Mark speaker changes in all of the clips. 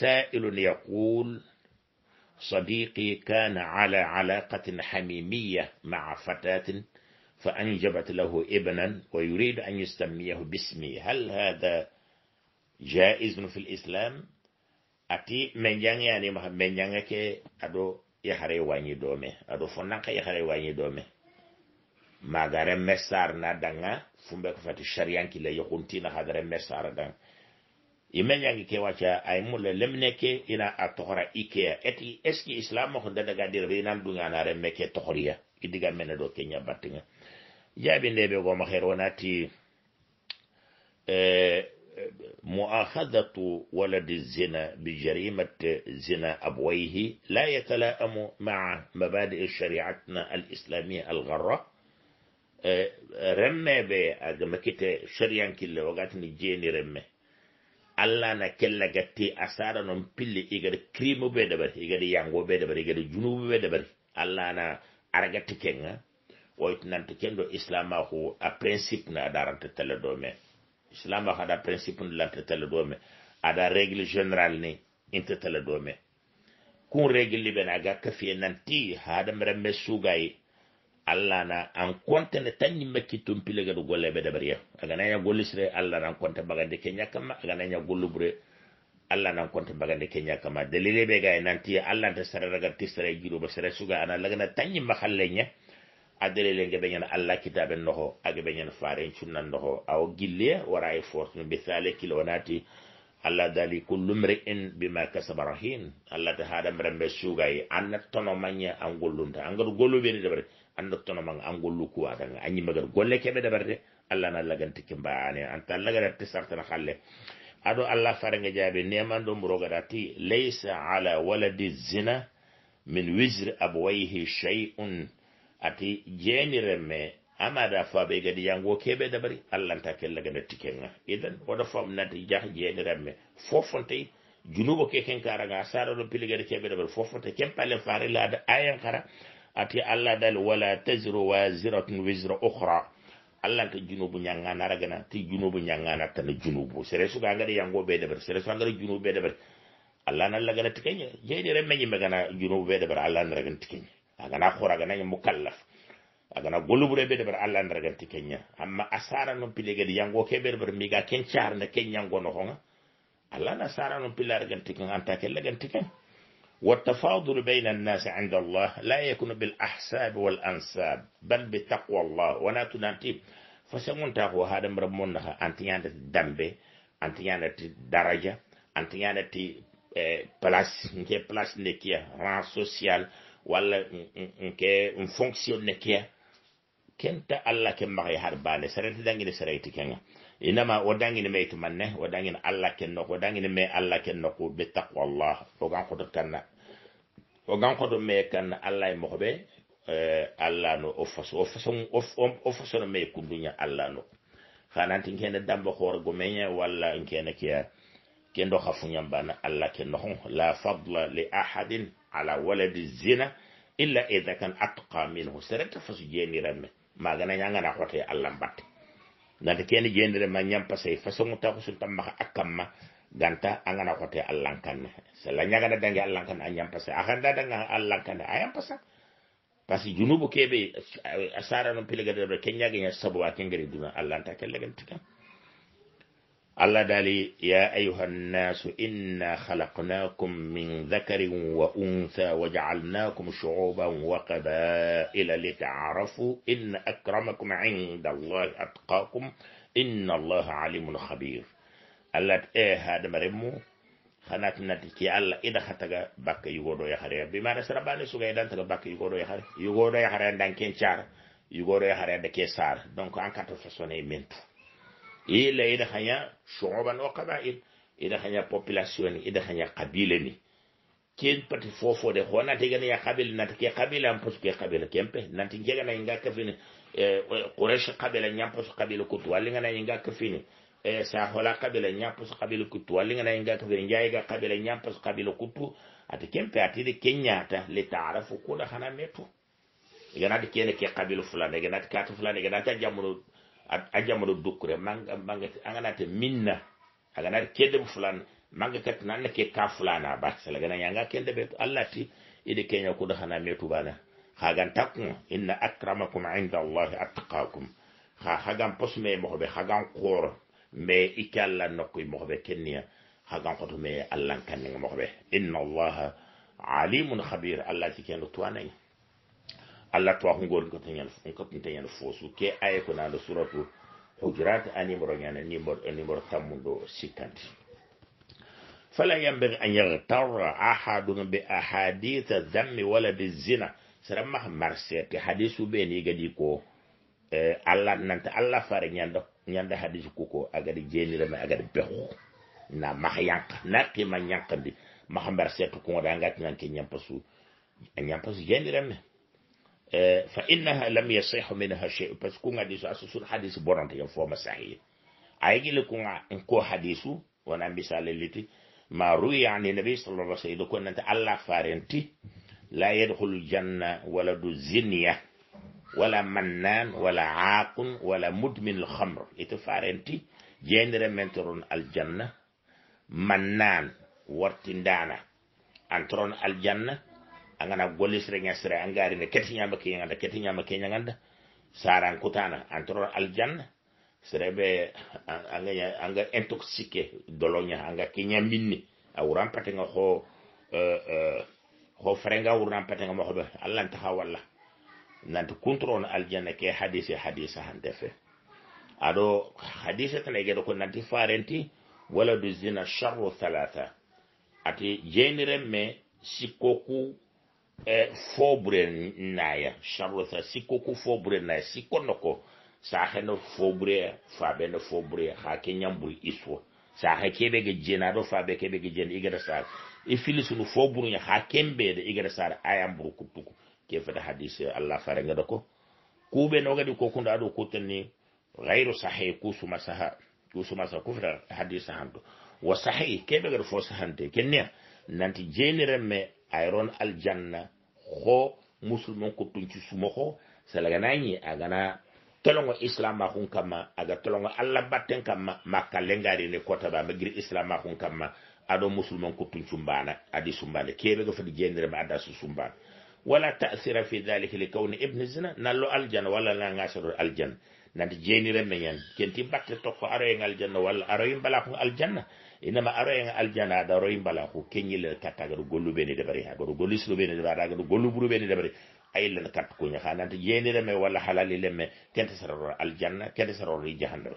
Speaker 1: سائل يقول صديقي كان على علاقة حميمية مع فتاة فأنجبت له ابنا ويريد أن يسميه باسمي هل هذا جائز في الإسلام؟ أتي من جانا يعني من جانا كي أدو يحري واني دومي أدو فنان يحري واني دومي ما غير مسار نادنا فنبك فتي كي لا يكون هذا مسار دان imeñangi ke wacca ay mulle lemneke ina a tohora ikeya eti est ce que islam ma ko dadaga dir be nan dungana remme ke tohoriya idiga mene do kenya battinga jaabi ndeɓe goma her wonati مؤاخذة ولد الزنا بجريمة زنا أبويه لا يتلائم مع مبادئ شريعتنا الإسلامية الغرة رمى بأجمكت شريعا كله وقعتني جيني رمه allah na kella gatte asara non pille igar krimu be dabar igar yango be dabar igar junubu be dabar allah na ara kenga woyto nante ken islam ma ko a principe na aɗa tele do me islam ma ko aɗa principe nde lanta telle ɗo men aɗa régle général ni inte tele do me kun régle liɓe ga kafi nanti haɗam remme sugay allah na an konta ne tan yimɓe kittum pile gadu golle ɓe dabariya agana ña gollisire allah nan konta bagande a kamma ya ña bure allah an konta bagande kenya kama dalile ɓe ga e nantiya allah sare daga raga tisara ba sare suga ana lagana tan yimɓe halle ña a dalile nge ɓe allah kitaɓe noho age ɓe ñana faren cunnan noho awo gille wara e fortune misale kila wonati allah dali kullu in bima kasaba rahin allah ta haɗa suga mbe an anna tono manya an gollunta an gadu golluɓeni ɗaɓare an dottono man an golluku aɗan a magar golle da barde allah na lagante kimbaane an ta tisarta na halle ado allah farenge jabe neman ɗo da ti laysa ala waladi zina min wizr abwayhi shay'un ati jeeniremme amada faɓe gadi yango ta dabari ga kellagandatti kenga idan wada fam ti jah jeeniremme fofonte junubo ke ken karaga saraɗo kebe da dabari fofonte kem palen fare da ayen kara ati allah dal wala taziru waziratun wizra ukhra allah ke junubu ñangana ragana ti junubu nyanga na tan junubu sere suga angada yango be debar sere suga angada junubu be debar allah nan lagana je jeyɗi remme nyi megana junubu be debar allah na ragana tikeñe agana hora aganañe mukallaf aga na golubu be debar allah na ragana tikenya amma asara no noon pile gadi yango ke be debar mbiga ken carne ken ñangono honga allah na sara no pille ragana tikeŋ anta ke lagana tikeŋ والتفاضل بين الناس عند الله لا يكون بالأحساب والأنساب بل بتقوى الله ولا تنتي فسمون تاقو هذا مرمونها أنت يانت يعني دمبي أنت يانت يعني درجة أنت يانت يعني آه، place nke place nekia rang social wala nke فونكسيون nekia kenta allah ken maxay har bane serente dangini serayti kenga inama wo dangini meytu manne wo dangini allah ken noku wo dangini me allah ken noku be taqwallah ogan xoto kanna ogan xoto me kanna allah e moxoɓe allah no o façon o façon o façon me kunduña allah no xananti nkene damba xoora gomeñe walla nkene keya ken do xafuñam bana allah ken noxon la fadla li ahadin ala waladi zina illa ida kan atqa minhu serente fasu jenirame magana na hote ya allah bat nanta kene jendere ma ñampa sey façon ta ko sunta maka akamma ganta angana hote ya allah la sala ñagana dangi ya allah kan nyam ñampa sey da danga allah kan a ñampa sa junubu kebe eh, asara no pilegade ɗo Kenya sabu a kengeri duna allah ta kelle الله دالي يا أيها الناس إنا خلقناكم من ذكر وأنثى وجعلناكم شعوبا وقبائل لتعرفوا إن أكرمكم عند الله أتقاكم إن الله عليم خبير الله إيه هذا مرمو خنات نتيجة الله إذا خطأ بك يقولوا يا خير بما نسر بني سجى دان تك بك يقولوا يا خير يقولوا يا خير كين شار يقولوا يا خير عندك دونك أنك تفسوني منتو ila ida hanya shu'uban wa qaba'il ida hanya population ida hanya qabila ni ken pati fofo de hona gane ya kabila na ke qabila am pos ke qabila kempe na tingega na inga ke fini e quraish kabila nyam pos kabila kutu walinga na inga ke fini e sa hola kabila nyam pos kabila kutu walinga na inga ke kafini jaiga kabila nyam pos kabila kutu ati kempe ati de kenya ta le taarafu kula hana metu igana de kene ke qabila fulana igana de katu fulana igana ta jamuno a jamano manga maga aganate minna aganate keddeɓe fulana maga kati nanna ke ka fulana ba sala gana yanga kende be to allah ti iɗe keña kuɗa hana me tubana hagan takkum inna akramakum inda allah attaqakum ha hagan posume e mokoɓe hagan qor me ikalla allah nokkoye mokoɓe kenniya hagan koto me allahn kannega mokoɓe inna allaha alimun habir allah ti kendo tuwanayi alla twahungol nkotnteñana foosu ke ay ko nan suratu hujurat a numéro ñana numéro tammundo sikkanti fala yambagi an yagtarra ahaduga be ahaditha dammi wala bi zina sara ke hadithu hadisu ni gadi ko eh, allah nanta allah fare nyanda ñanda hadisu kuko agadi jenirame agadi behu na ma yank na qima ñankandi maha marsete kugoɗa ngatinanke ñampasu nyampasu, ñampasu jenirame فإنها لم يصح منها شيء بس كونغا ديسو أسسون حديث بورانت ينفوما سحي أيجي لكونغا إنكو حديثو وانا مثال التي ما روي عن النبي صلى الله عليه وسلم كون أنت الله فارنتي لا يدخل الجنة ولا دو زنية ولا منان ولا عاق ولا مدمن الخمر إتو فارنتي جندر منترون الجنة منان ورتندانا أنترون الجنة angana golis sere nya sere angari ne keti nya make nya keti nya make nya nganda saran kutana antro aljanna serebe anga anga intoxique dolonya anga kinya minni awran patenga ho eh, eh, ho frenga awran patenga mo hobe allah ta hawalla nanti contrôle aljanna ke hadisi hadisa hande fe aɗo hadise tan ege geɗo ko nanti farenti wala du zina charru thalatha ati jeniren me sikkoku e fobre naya shamro sa siko ku fobre naya siko noko sa hena fobre fa bena fobre ha kenyambu iswo sa ha do fa be igara sa e filisu no nya ha de igara sa kutuku ke hadisi allah fare no gadi ko kunda do kutani ghairu sahih hadisi hando wa sahih fo sahante nanti ayron aljanna ho musulmin kutunci sumo ho a agana tolongo islam ma hun kama aga tolongo alla batten kama makalengari ne kota ba magir islam ma hun kama ado musulman kutunci sumbana adi sumbana kebe ga fadi jendere ma adasu sumbana wala ta'sira fi dhalika li kawni ibn zina nallo aljanna wala la ngasoro aljanna nanti jenire men yan kenti batte ko aro e aljanna wala aro mbala ko aljanna inama aroyen aljana da royin bala ko keñil katta gaɗo gollu ɓeni deɓari ha gaɗo gollu silo ɓeni deɓari ha gaɗo gollu buru ay ɓuru ɓeni deɓari ayillen katta koña ha nanta yenireme walla halalilemme kente sararo aljanna kente sararo jahannam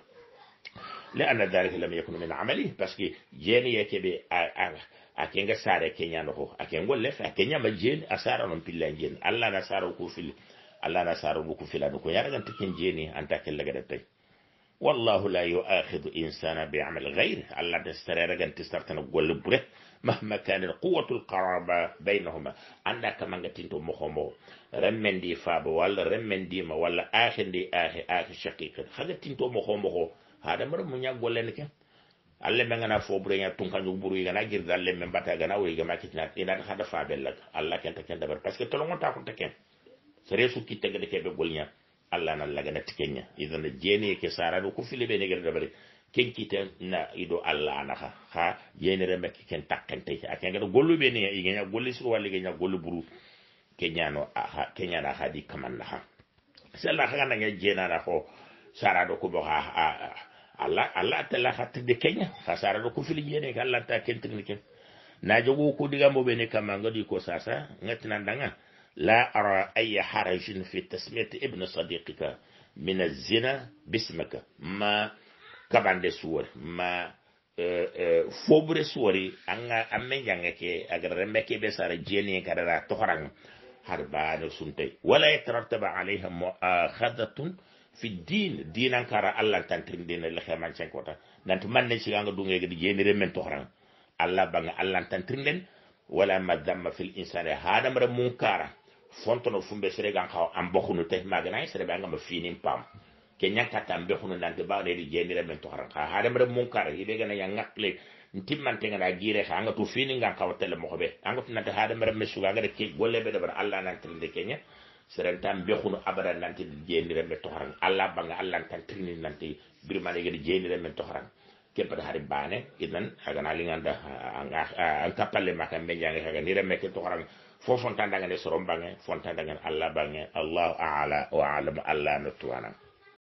Speaker 1: li anna dalika lam yakun min amali par ce que jeeni yekeɓe a kenga sare kenya no ko a ken golle fa kenya ma jeni a sara noon pilla jeni alla na sara ko fil alla na sara ko filano ko yaragan tikin jeni jeeni anta kella gaɗa والله لا يؤاخذ إنسانا بعمل غيره الله نستري رجل تستارتنا بقول بره مهما كان القوة القرابة بينهما عندك من قتنت مخمو رمين دي فاب ولا رمين دي ما ولا آخر دي آخر آخر شقيق هذا تنتو مخمو هذا مرة من يقول لك الله من أنا فوبرين يتونك يبوري أنا غير ذا الله من بعد أنا ويجي ما كتنا إن هذا فاب لك الله كن تكن دبر بس كتلون تأكل تكن سريسو كتنا كده كيف بقولنا allah nan laganatti kenya idana jeneyeke sarano ko fili da bare ken kite na ido allah na ha ha re mekke ken ga akengata be ne igeña golle siro walla igeña golle buru nya na hadi kaman ha si allah haganaga jeenana ho saraɗo bo ha allah allah attala hattinde keña ha saraɗo ko fili jeene ga allah ken kentirni ken na jogo ko be ne ga di ko sasa danga لا أرى أي حرج في تسمية ابن صديقك من الزنا باسمك ما كبان دي ما آه، آه، فوبر سوري أنا أمن جانك أجر رمك بسار جيني كرر تخرج هربان سنتي ولا يترتب عليها مؤاخذة في الدين دين كرا الله تنتين دين اللي خمان شنكوتا نانت من نشي عنك دونك جيني رمن تخرج الله بان الله تنتين ولا ما في الإنسان هذا مر منكره no fumbe gan kaw am no te magana sere nga ma finim pam ke nyankata am te ba re di re men to haran ka hade kar yi ibe gana ya ngakle timmante da gire ha nga to fini nga kaw tel mo be anga ha dem re mesu ga re ke golle be dabar allah nan kenya sere tam bokkunu abara te di re men to allah ba nga allah tan trini nante birmane jeni re men to ke kepada hari bane idan agana linganda anga kapalle makan menjangi haga nire meke to fo fontandagane bangé fon fontandagane allah bangé Allah ala wa alamu allah natwana